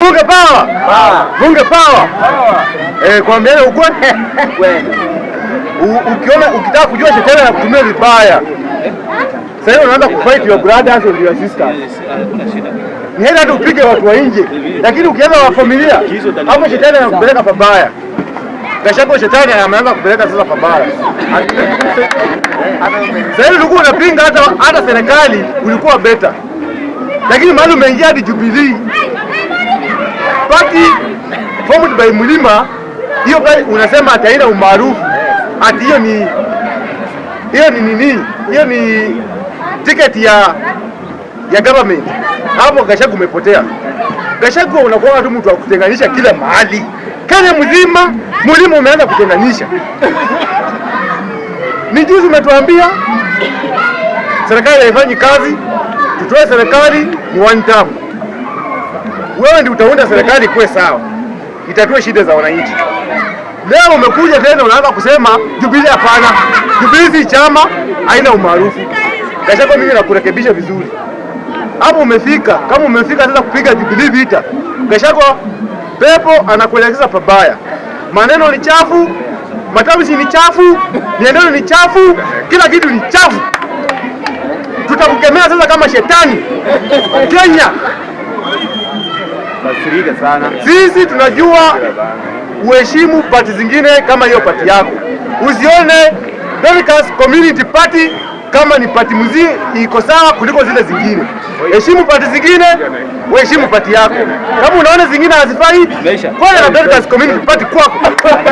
Bunge power. Bunge power. Eh, kuambiana uko ukiona ukitaka kujua shetani anakutumia vibaya. Sasa hiyo unaanza kufight your brothers and your sisters. Ni heri hata upige watu wa nje, lakini ukianza wa familia hapo shetani anakupeleka pabaya. Kashako shetani anaanza kupeleka sasa pabaya. Sasa hivi ulikuwa unapinga hata hata serikali ulikuwa beta, lakini mahali umeingia hadi Jubilee party formed by Mlima hiyo gari unasema ataina umaarufu ati hiyo ni hiyo ni nini? Hiyo ni ticket ya ya government. Hapo Gachagua umepotea. Gachagua unakuwa tu mtu wa kutenganisha kila mahali. Kenya mzima mlima umeanza kutenganisha. Ni juzi umetuambia serikali haifanyi kazi, tutoe serikali ni one term. Wewe ndio utaunda serikali kuwe sawa, itatue shida za wananchi. Leo umekuja tena unaanza kusema Jubilee. Hapana, Jubilee si chama, haina umaarufu. Gachagua, mimi nakurekebisha vizuri hapo umefika. Kama umefika sasa kupiga Jubilee vita, Gachagua pepo anakuelekeza pabaya. Maneno ni chafu, matamshi ni chafu, mienendo ni chafu, kila kitu ni chafu. Tutakukemea sasa kama shetani Kenya tusirike sana. Sisi tunajua uheshimu pati zingine kama hiyo pati yako, usione Dorcas Community Party kama ni pati mzii iko sawa kuliko zile zingine. Heshimu pati zingine, uheshimu pati yako. Kama unaona zingine hazifai, pole na Dorcas Community Party kwako.